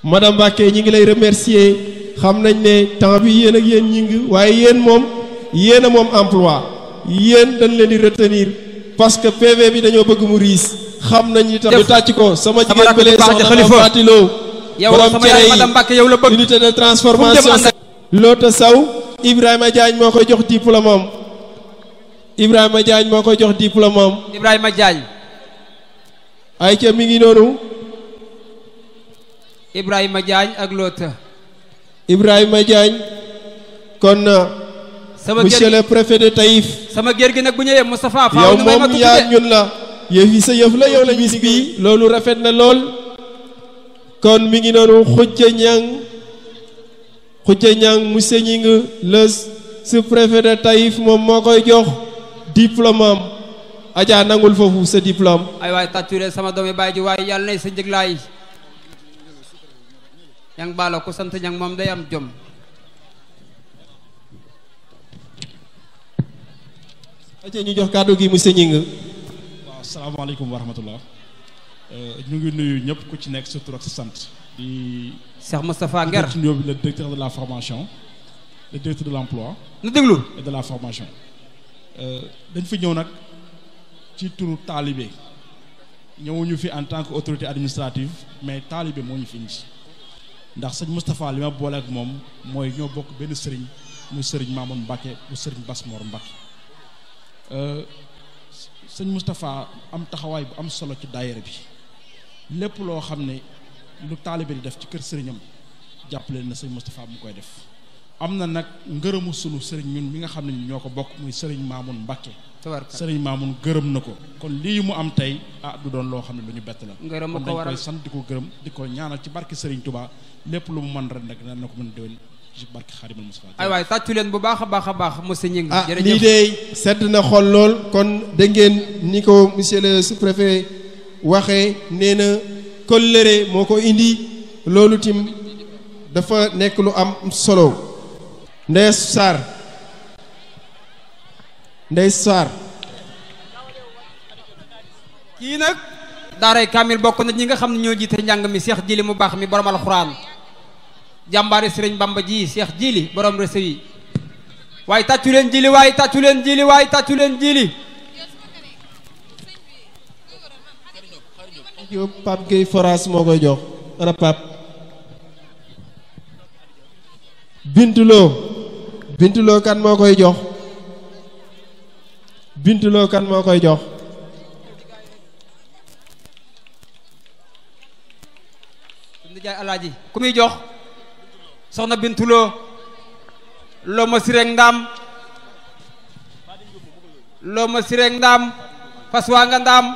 madame Mbacké ñi ngi lay remercier xam nañ ne temps bi yéen ak yéen ñi ngi waaye yéen moom yéen a moom emploi yéen dañ leen di retenir parce que PV bi dañoo bëgg mu riis xam nañ li tax ñu tàcc ko sama jigéen bële soxna Fatiloo borom cere yi unité de transformation Loota Saw Ibrahima Diagne moo koy jox diplôme am Ibrahima Diagne moo koy jox diplôme am Ibrahima Diagne ay ca mi ngi noonu Ibrahima jaañ ak Lota. Ibrahima Diagne kon. Euh, sama monsieur le préfet de sama gér gi nag bu ñëwee ma yow moom yaa ñun la. yëf yi sa yëf la yow la ñu si bii loolu rafet na lool. kon mi ngi noonu xujja ñang xujja ñang monsieur ñi ngi le sous-préfet de moom moo koy jox diplôme am Adja nangul foofu sa diplôme. ay sama doomi baay ji waaye yàlla nay sa njëglaay. ñang baalo ku sant ñang moom day am jom aje ñu jox kàddu gi mu Gningue waaw asalaamaaleykum wa rahmatullah euh, ñu ngi nuyu ñëpp ku ci nekk sa tur ak sa sant di Cheikh Moustapha Nguer ci ñëw de la formation le directeur de déglu et la formation euh, dañ fi ñëw nag ci turu taalibe ñëwuñu fi en tant que autorité administrative mais taalibe moo ñu fi indi ndax sëñ Moustapha li ma boole ak moom mooy ñoo bokk benn sëriñ muy sëriñ Mamoun Mbacke bu sëriñ Basmor Mbacke euh, sëñ Moustapha am taxawaay bu am solo ci daayira bi lépp loo xam ne lu taalibe di def ci kër sëriñam jàpp leen na sëñ Moustapha mu koy def am na nag ngërëmu sunu sëriñ ñun mi nga xam ne ñoo ko bokk muy sëriñ Maamun Mbakke sëriñ Maamun gërëm na ko kon lii mu am tey ah du doon loo xam ne lu ñu bett la kon dañ koy sant di ko gërëm di ko ñaanal ci barke sëriñ Touba lépp lu mu mën ren rek dana ko a déwén ci barke Xaadimal Mustafaa ay waay baax a baax ah, lii de sedd na xol lool kon da ngeen ni ko monsieur le sous-préfet nee na kóllëre moo ko indi loolu tim dafa nekk lu am solo Ndeye Sarr kii nag daaray kaamil bokk na ñi nga xam ne ñoo jiite njàng mi seex Jili mu baax mi borom alxuraan jàmbaari Sëriñ Bamba ji Cheikh Jili borom rese yi waaye tàccu leen jili waaye tàccu leen jili waaye tàccu leen jili moo koy jox ana Pape Bintu bintuloo kan moo koy jox bintuloo kan moo koy jox jaay alaaji ku jox soxna bintuloo loo ma ndaam loo ma sirek ndaam fas waa nga ndaam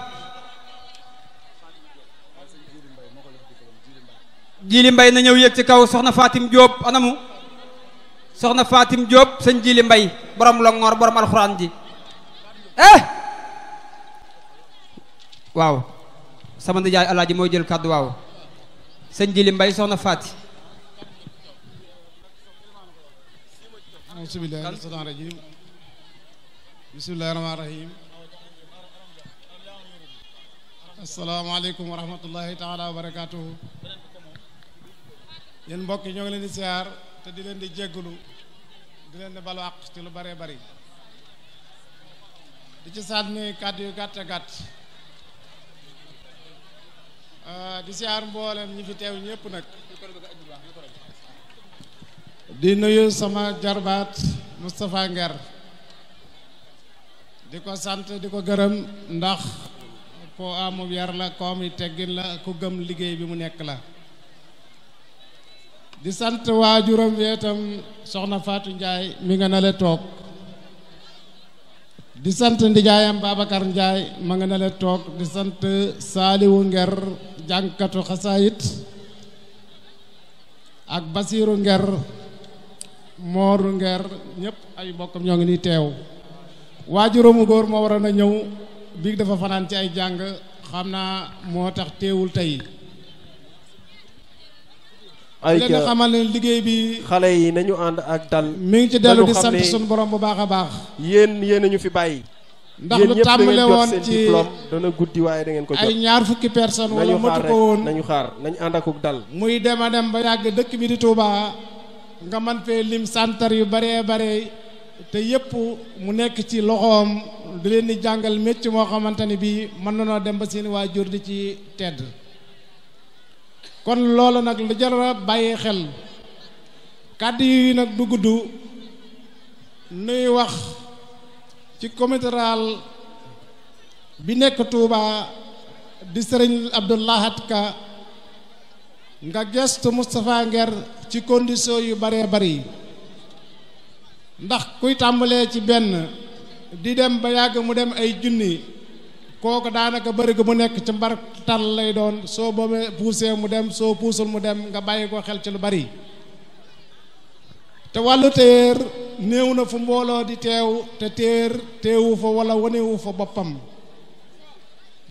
jili mbay na ñëw yéeg ci kaw soxna Fatim Diop anamu soxna Fatim Diop sëñ Jili Mbay borom longoor borom alxuraan ji eh waaw sama nijaay alaaji mooy jël kàddu waaw sëñ Jili Mbay soxna Faati bismillaahi rahmaani rahiim bismillaahi rahmaani rahiim assalaamu aleykum wa rahmatullahi taala wa barakaatuhu yéen mbokk yi ñoo ngi leen di siyaar te di leen di jéggulu di leen ci lu bëree bari di ci sànni kàddu yu gàtt gàtt euh, di siyaar mboolem ñi fi teew ñëpp nag di nuyu sama jarbaat Moustapha Nguer di ko sant di ko gërëm ndax ko amub yar la koom yi teggin la ku gëm liggéey bi mu nekk la di sant waajuram weetam soxna faatu njaay mi nga na toog di sant ndijaayam Babacar njaay ma nga nale toog di sant Saaliwu Nger jànkatu xasaayit ak Basiiru Nger Mooru Nger ñëpp ay mbokkam ñoo ngi ni teew waajuramu góor moo waroon a ñëw biig dafa fanaan ci ay jàng xam naa moo tax teewul tey ay leen xamal liggéey bi xale yi nañu ànd ak dal mi ngi ci dellu di sant suñu borom bu baax a baax yéen yéen ñu fi bàyyi ndax lu tàmbale woon ci dana guddi ko ñaar fukki person wala matu ko woon nañu xaar nañu ànd ak dal muy dem dem ba yàgg dëkk bi di Touba nga man fee lim santar yu baree bare te yépp mu nekk ci loxoom di leen di jàngal mécc moo xamante ni bii mën na noo dem ba seen waajur di ci tedd kon loolu nag lu jar bàyyi xel kàddu yi nag du gudd nuy wax ci comité bi nekk Touba di sëriñ Abdou Lahad Ka nga gestu Moustapha Nguer ci condition yu baree bari ndax kuy tàmbalee ci benn di dem ba yàgg mu dem ay junni kooku daanaka bëri gu mu nekk ci mbar tal lay doon soo boobee puusee mu dem soo puusul mu dem nga bàyyi ko xel ci lu bari te wàllu téer néew na fu mbooloo di teew te téer teewu fa wala wanewu fa boppam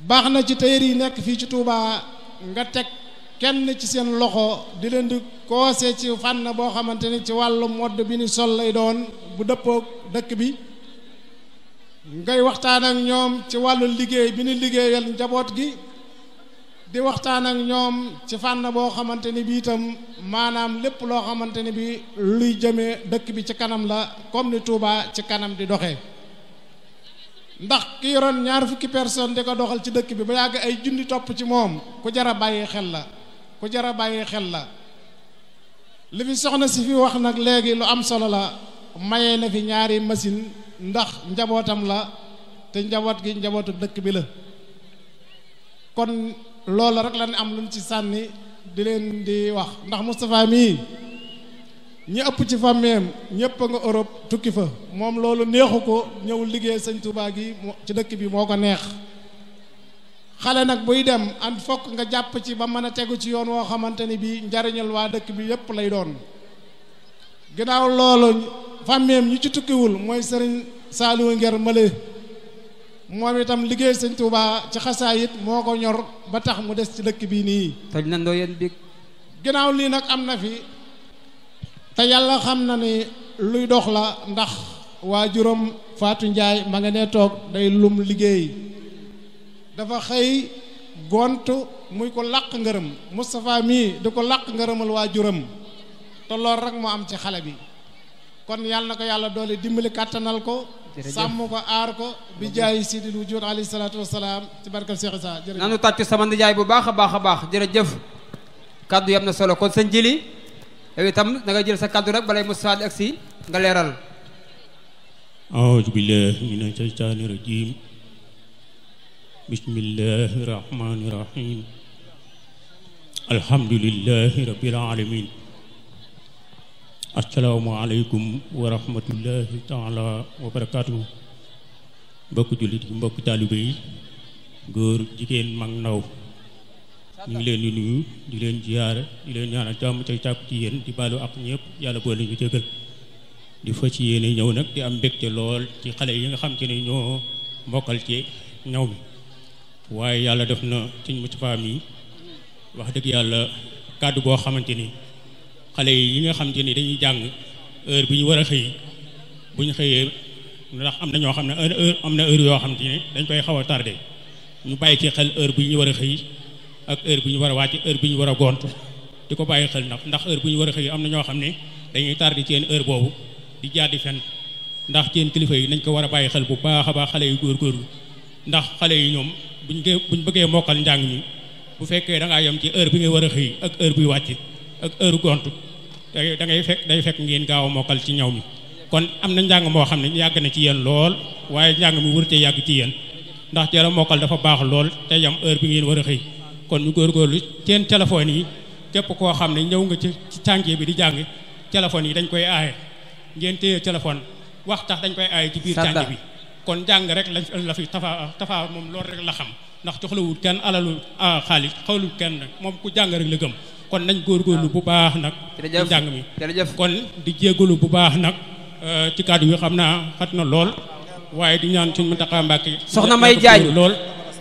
baax na ci téer yi nekk fii ci tuubaa nga teg kenn ci seen loxo di leen di koose ci fànna boo xamante ni ci wàllu modd bi ni sol lay doon bu dëppoo dëkk bi ngay waxtaan ak ñoom ci wàllu liggéey bi nu liggéeyal njaboot gi di waxtaan ak ñoom ci fànn boo xamante ni bi itam maanaam lépp loo xamante ni bi luy jëmee dëkk bi ci kanam la comme ni Touba ci kanam di doxee ndax ki yoroon ñaar fukki personne di ko doxal ci dëkk bi ba yàgg ay junni topp ci moom ku jar a bàyyi xel la ku jar a bàyyi xel la li fi soxna si fi wax nag léegi lu am solo la mayee na fi ñaari machine ndax njabootam la te njaboot gi njabootu dëkk bi la kon loolu rek lañ am luñ ci sànni di leen di wax ndax Moustapha mii ñi ëpp ci fammeem ñëpp a nga Europe tukki fa moom loolu neexu ko ñëw liggéey sëñ Touba gi ci dëkk bi moo ko neex xale nag buy dem an fokk nga jàpp ci ba mën a tegu ci yoon woo xamante ni bii njariñul waa dëkk bi yëpp lay doon ginnaaw loolu fàmmeem ñi ci tukkiwul mooy sëriñ Saaliwu Nger Male moom itam liggéey sëñ Tuubaa ci xasaayit moo ko ñor ba tax mu des ci dëkk bii nii toj na ndooyeen bi ginnaaw lii nag am na fi te yàlla xam na ni luy dox la ndax waa juróom Faatu Njaay ma nga toog day lum liggéey dafa xëy gontu muy ko làq ngërëm Moustapha mii di ko làq ngërëmal waa juróom te lool rek moo am ci xale bi kon yàlla na ko yàlla doole dimbali kàttanal ko sàmm ko aar ko bi jaay sidil wujud alayhi salaatu wasalaam ci barkal tàccu sama nijaay bu baax a baax a baax jërëjëf kaddu yam na solo kon sa jili yow itam da nga jël sa kaddu rek balay Moussa ak si nga leeral aoudu billah mina asalaamaaleykum wa rahmatullahi taala wa barakaatu mbokk jullit yi mbokk taalibe yi góor jigéen mag ndaw ñu ngi leen di nuyu di leen ziyaar di leen ñaanal jàmm tey tàkku ci yéen di baalu ak ñëpp yàlla boole ñu jëgal di fa ci yéene ñëw nag di am mbégte lool ci xale yi nga xam te ne ñoo mbokkal ci ñaw mi waaye yàlla def na ci Moustapha mi wax dëgg yàlla kàddu boo xamante ni xale yi nga xam te ni dañuy jàng heure bi ñu war a xëy bu ñu xëyee ndax am na ñoo xam ne heure heure am na heure yoo xam te ne dañ koy xaw a tardé ñu bàyyi ci xel heure bi ñu war a xëy ak heure bi ñu war a wàcc heure bi ñu war a gont di ko bàyyi xel ndax heure bu ñu war a xëy am na ñoo xam ne dañuy tardé seen heure boobu di jaadi ndax seen kilifa yi nañ ko war a bàyyi xel bu baax a baax xale yu góorgóorlu ndax xale yi ñoom buñ buñ bëggee mokkal njàng mi bu fekkee da ngaa ci heure bi nga war a xëy ak heure buy wàcc ak heure gont da ngay fekk day fekk ngeen gaaw a mokkal ci ñaw mi kon am na njàng moo xam ne ñu yàgg na ci yéen lool waaye njàng mi wërte yàgg ci yéen ndax teel a mokkal dafa baax lool te yam heure bi ngeen war a xëy kon ñu góorgóorlu seen téléphone yi képp koo xam ne ñëw nga ci ci bi di jàng téléphone yi dañ koy aaye ngeen téléphone wax tax dañ koy aaye ci bi kon jàng rek lañ la fi tafa tafa moom rek la xam ndax joxlawul kenn alalu ah, xaalis xawlul kenn moom ku jàng rek la gëm kon nañ góor góorgóorlu bu baax nag ci njàng mi kon di jégalu bu baax nag euh, ci kàddu yi xam naa xat na lool waaye di ñaan suñu Muntaxa soxna may jaañ lool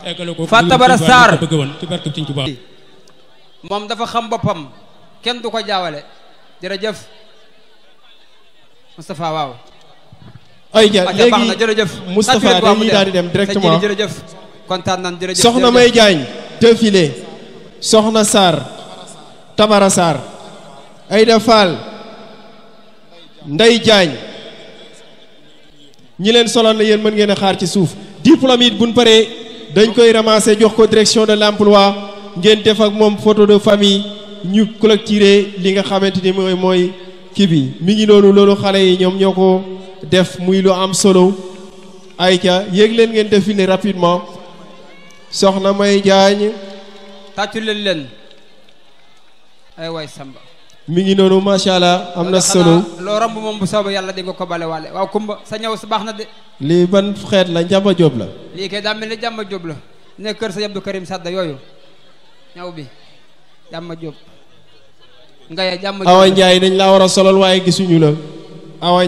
eggale ko Fatabara woon ci barkeb Sëñ Tuubaa moom dafa xam boppam kenn du ko jaawale jërëjëf Moustapha waaw ay jërëjëf Moustapha dañuy daal di dem jërëjëf kontaan nan jërëjëf soxna may jaañ te filé soxna Sarr Tabara Sarr Aïda Fall Ndey Diagne ñi leen soloon na yéen mën ngeen a xaar ci suuf diplôme it buñ paree dañ koy ramasser jox ko direction de l'emploi ngeen def ak moom photo de famille ñu collecté li nga xamante ni mooy mooy kii bi mi ngi noonu loolu xale yi ñoom ñoo ko def muy lu am solo ayca yéeg leen ngeen défilé rapidement soxna May Diagne tàccu leen leen ay waay Samba. mi ngi noonu macha allah am na solo loo romb moom bu soobee yàlla di nga ko bale waale waaw Kumba sa ñëw su baax na de. lii ban xeet la Jàmba Jóob la. lii kay daa mel ni Jàmba Jóob la ne kër sa Abdou Karim Sadda yooyu ñaw bi Jàmba Jóob. nga ya Jàmba Jóob Awa dañ laa war a solal waaye gisuñu la Awa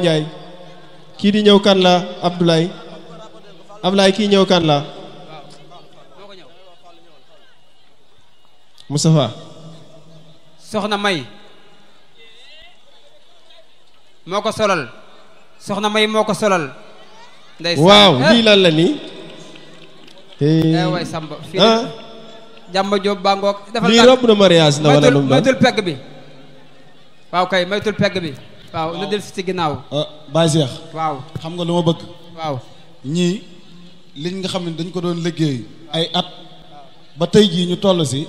kii di ñëw kan la Abdoulaye Abdoulaye kii ñëw kan la Moustapha soxna may moo ko solal soxna may moo ko solal nday waaw eh. lii lan la nii eh, waay samba fii ah? jàmba jóob baa ngoog lii rob na mariage la maytul pegg bi waaw kay maytul pegg bi waaw na del si ci ginnaaw ah, Baye Cheikh waaw xam nga lu ma bëgg waaw ñii liñ nga xam ne dañ ko doon liggéey ay at ba tey jii ñu toll si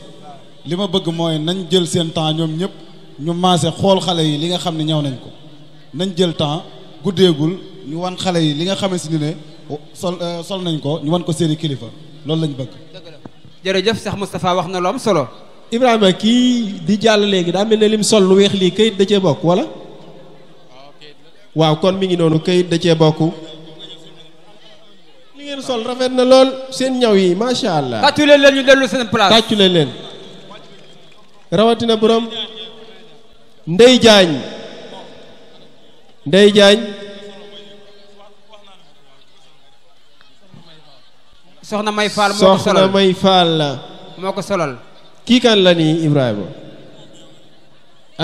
li ma bëgg mooy nañ jël seen temps ñoom ñëpp ñu maase xool xale yi li nga xam ne ñaw nañ ko nañ jël temps guddeegul ñu wan xale yi li nga xamee si ne euh, sol nañ ko ñu wan ko seeni kilifa loolu lañ bëgg. jërëjëf Cheikh Moustapha wax na lool am solo. Ibrahima kii di jàll léegi daal mel ne lim sol lu weex lii kayit da cee bokk wala. waaw kon mi ngi noonu kayit da cee bokk. li ngeen sol rafet na lool seen ñaw yi macha allah. tàccu leen ñu dellu seen place tàccu leen. rawatina borom ndey jaañ ndey jaañ soxna may faal moo ko solal soxna la moo ko kii kan la nii Ibrahima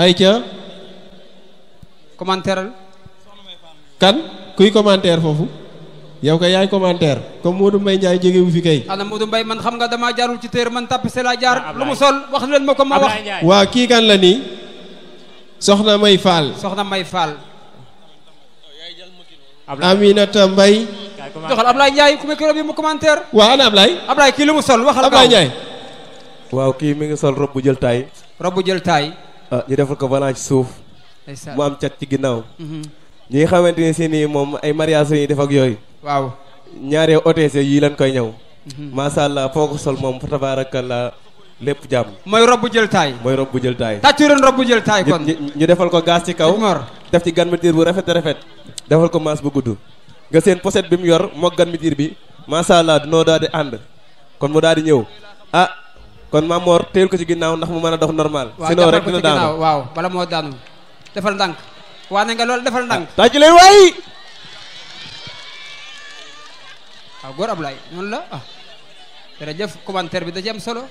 ayca commentaire kan kuy commentaire foofu yow kay yaay commentaire comme Modou Mbaye Ndiaye jógewu fi kay. ana Modou Mbaye man xam nga damaa jaarul ci téer man tapise laa jaar. lu mu sol wax leen ma ko ma wax. waaw kii kan la nii. soxna May Fall. soxna mbay Fall. Aminata Mbaye. joxal Ablaye Ndiaye ku micro bi mu commentaire. waa ana Ablaye. Ablaye kii lu mu sol waxal. Ablaye Ndiaye. waaw kii mi ngi sol rob bu jël taay. rob jël taay. Ah, ñu defal ko valanc ci suuf. mu am cat ci ginnaaw. Mhm. ñi nga xamante si nii moom ay mariage yi def ak yooyu. waaw ñaare OTC yii lañ koy ñëw. Mhm. macha allah foo ko sol moom fa tabaarakalla lépp jàmm. mooy rob bu jël taay. mooy rob bu jël taay. tàccu leen rob bu jël taay kon. ñu defal ko gaas ci kaw. def ci garniture bu rafet rafet. defal ko maas bu gudd. nga seen pochette bi mu yor moog garniture bi macha allah noo daal di ànd kon mu daal di ñëw ah kon Mame Mor téyel ko ci ginnaaw ndax mu mën a dox normal. sinon rek dina daanu waaw bala moo daanu. defal ndànk waa ne nga loolu defal ndànk. tàccu ah, waaw góor Ablaye noonu la ah jërëjëf commentaire bi da ci am solo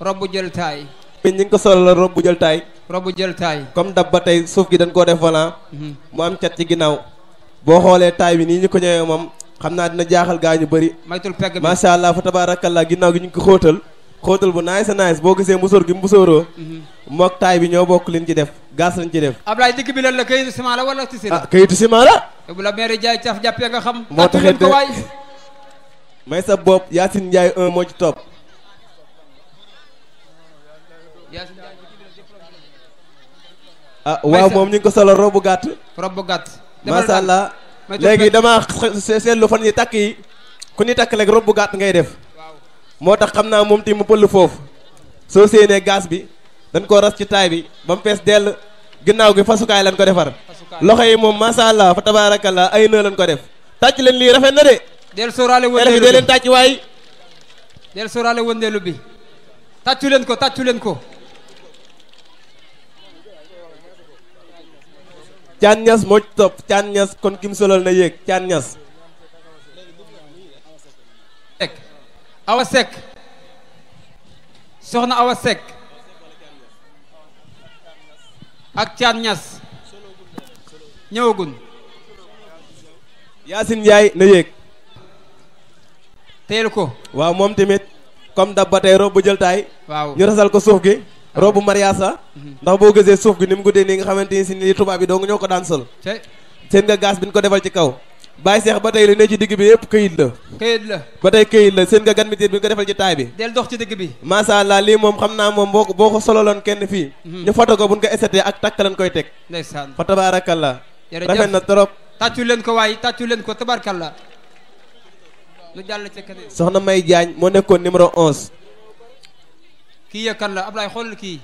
rob jël taay ñi ko solo la rob bu jël taay rob bu jël taay comme dab ba tey suuf gi dañ koo def volant mhm. mu am cat ci ginnaaw boo xoolee taay bi nii ñu ko ñëwee moom xam naa dina jaaxal gaa ñu bëri maytul pegg bi macha allah fa tabarakallah ginnaaw gi ñu ngi ko xóotal xóotal bu nice nice boo gisee musóor gi musóoroo mook taay bi ñoo bokk leen ci def gaas lañ ci def Ablaye digg bi lan la kayitu ciment la wala tissu ah kayitu ciment la bu la maire jaay caf jàppee nga xam moo taxit ko waay may sa bopp Yacine Ndiaye moo ci topp ah waaw moom ñu ngi ko solo rob bu gàtt rob bu gàtt macha allah léegi dama seetlu fan yi takk yi ku ni takk rek rob bu gàtt ngay def moo tax xam naa moom te mu pëll foofu soo séenee gaz bi dañ koo ras ci taay bi ba mu fees dell ginnaaw gi fasukaay lañ ko defar loxo yi moom macha allah fa la ay na lañ ko def tàcc leen lii rafet na de del sóoraale wëndeelu bi dee leen tàcc waay del sóoraale wëndeelu bi leen ko tàccu leen ko Thiane moo ci topp Thiane Niass kon kim solol na yéeg Thiane Niass Awa Seck soxna Awa Seck ak caan ñas ñëwagun Yacine yaay na yéeg teel ko waaw moom tamit comme dab a tey rob bu jël taay waaw ñu rasal ko suuf gi ah. rob bu mariasa mhm. ndax boo gisee suuf gi ni mu guddee ni nga xamante ni si ni tubaab yi doo nga ko daan sol seen nga gaas bi ñu ko defal ci kaw Baye Cheikh ba tey li ne ci digg bi yëpp këyit la këyit la ba tey këyit la seen nga gan mi tiir bi nga defal ci taay bi del dox ci digg bi macha allah lii moom xam naa moom boo boo ko sololoon kenn fii mhm. ñu foto ko buñ ko esete ak takk lañ koy teg ndeysaan fa tabaarakallah rafet na trop tàccu leen ko waaye tàccu leen ko tabaarakallah lu jàll ci soxna May Diagne moo nekkoon numéro 11 kii yëkkan la Ablaye xoolal kii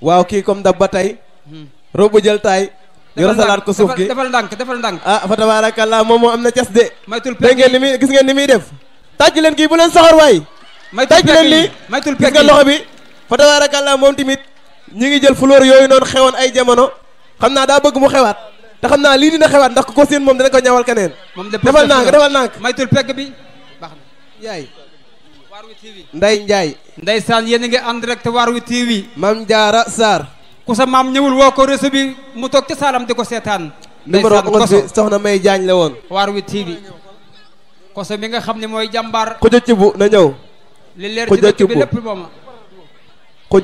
waaw kii comme da ba tey mhm. robu jël taay ñu rasalaat ko suuf gi defal ndànk defal ndànk ah moom moo am na cas de maytul pekk ngeen li muy gis ngeen ni muy def tàjj leen kii bu leen soxor waay tàjj leen lii maytul pekk gis loxo bi fa tabaarakallaa moom tamit ñi ngi jël fleur yooyu noonu xewoon ay jamono xam naa daa bëgg mu xewaat te xam naa lii dina xewaat ndax ko seen moom dana ko ñawal keneen defal ndànk defal ndànk maytul pekk bi baax na yaay Waarwi TV Nday Njaay ndeysaan yéen a ngi ànd rek te Waarwi TV Mam Jaara saar ku sa maam ñëwul woo ko réseau bi mu toog ci saalam di ko seetaan. numéro 11 bi soxna May Diagne la woon. waar wi TV koso bi nga xam ne mooy jàmbaar. ku jot bu na ñëw. li leer ci dëkk bi lépp mooma. ku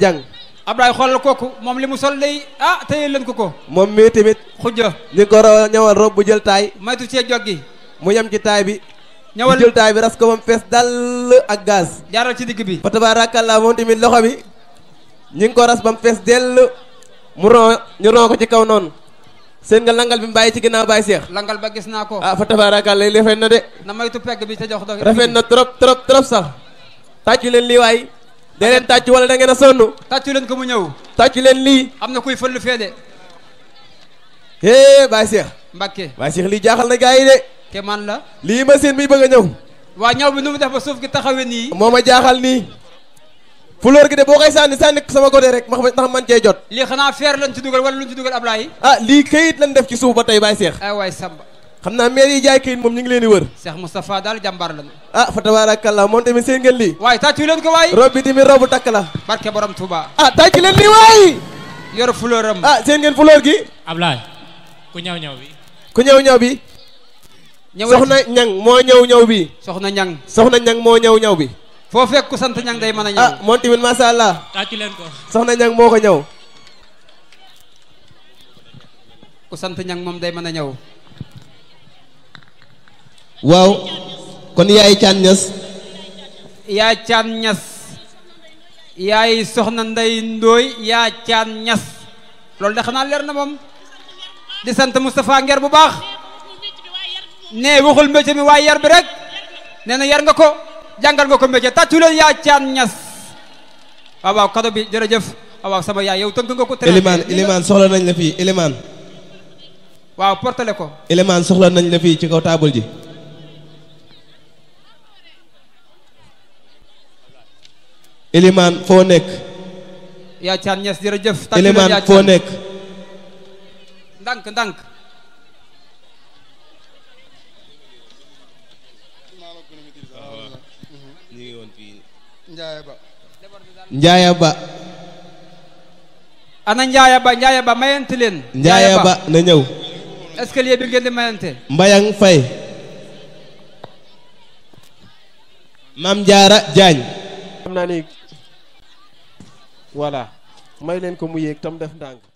jàng Ablaye xoolal kooku moom li mu sol day ah téye leen ko ko. moom mii tamit. xujja ñu ko ñëwal rob bu jël taay. maytu cee joggi. mu yem ci taay bi. ñëwal jël taay bi ras ko moom fees dal ak gaz. jaaral ci digg bi. fa tabaarakallaa moom tamit loxo bi ñu ngi ko ras ba mu fees dell mu ron ñu ron ko ci kaw noonu seen nga langal bi mu bàyyi ci ginnaaw baay seex. langal ba gis naa ko. ah fa tabaarakallaa lii rafet na de. na maytu pegg bi te jox rafet na trop trop sax. tàccu leen lii waay. dee leen tàccu wala da ngeen a sonn. tàccu leen ko mu ñëw. tàccu leen lii. am na kuy fël lu fee de. hee bàyyi seex. mbakke seex lii jaaxal na gars yi de. te man la lii machine bi bëgg a ñëw waa ñaw bi nu mu def ba suuf moo ma jaaxal nii fleur gi de boo koy sànni sama côté rek ma ndax man cee jot lii xanaa feer lañ ci dugal wala luñ ci dugal Ablaye ah lii këyit lañ def ci suuf ba tey Baye Cheikh ay waay Samba xam naa maire yi jaay këyit moom ñu ngi leen di wër Cheikh Moustapha daal jàmbaar lañ ah fa tabarakallah moom tamit seen ngeen lii waaye tàccu leen ko waay rob bi tamit robu takk la barke borom ah, leen lii waay yor fleur am ah seen ngeen fleur gi Ablaye ku ñaw bi ku ñaw ñaw bi ñëw soxna ñang moo ñëw ñaw bi soxna ñang soxna ñang moo ñëw ñëw bi foo fekk sant ñang day mën a ñëw ah moom tamit masha Allah leen ko soxna ñang moo ko ñëw ku sant ñang moom day mën a ñëw waaw kon yaay caan ñas yaa caan ñas yaay soxna nday ndooy yaa caan ñas loolu de xanaa leer na moom di sant Moustapha Nguer bu baax ne waxul métier mi waaye yar bi rek nee na yar nga ko jàngal nga ko métier tàccu yaa caan ñas waaw waaw kado bi jërëjëf waaw waaw sama yaay yow tënk nga ko. Eliman Eliman soxla nañ la fii Eliman. waaw portale ko. Eliman soxla nañ la fii ci kaw taabul ji. Eliman foo nekk. yaa caan jërëjëf. tàccu nekk. ndànk ndànk. njaaya ba ana njaaya ba njaaya ba mayante leen njaaya ba na ñëw escalier bi ngeen di mayante mbayang fay maam jaara jaañ xam naa ni voilà ko mu yéeg tam def ndànk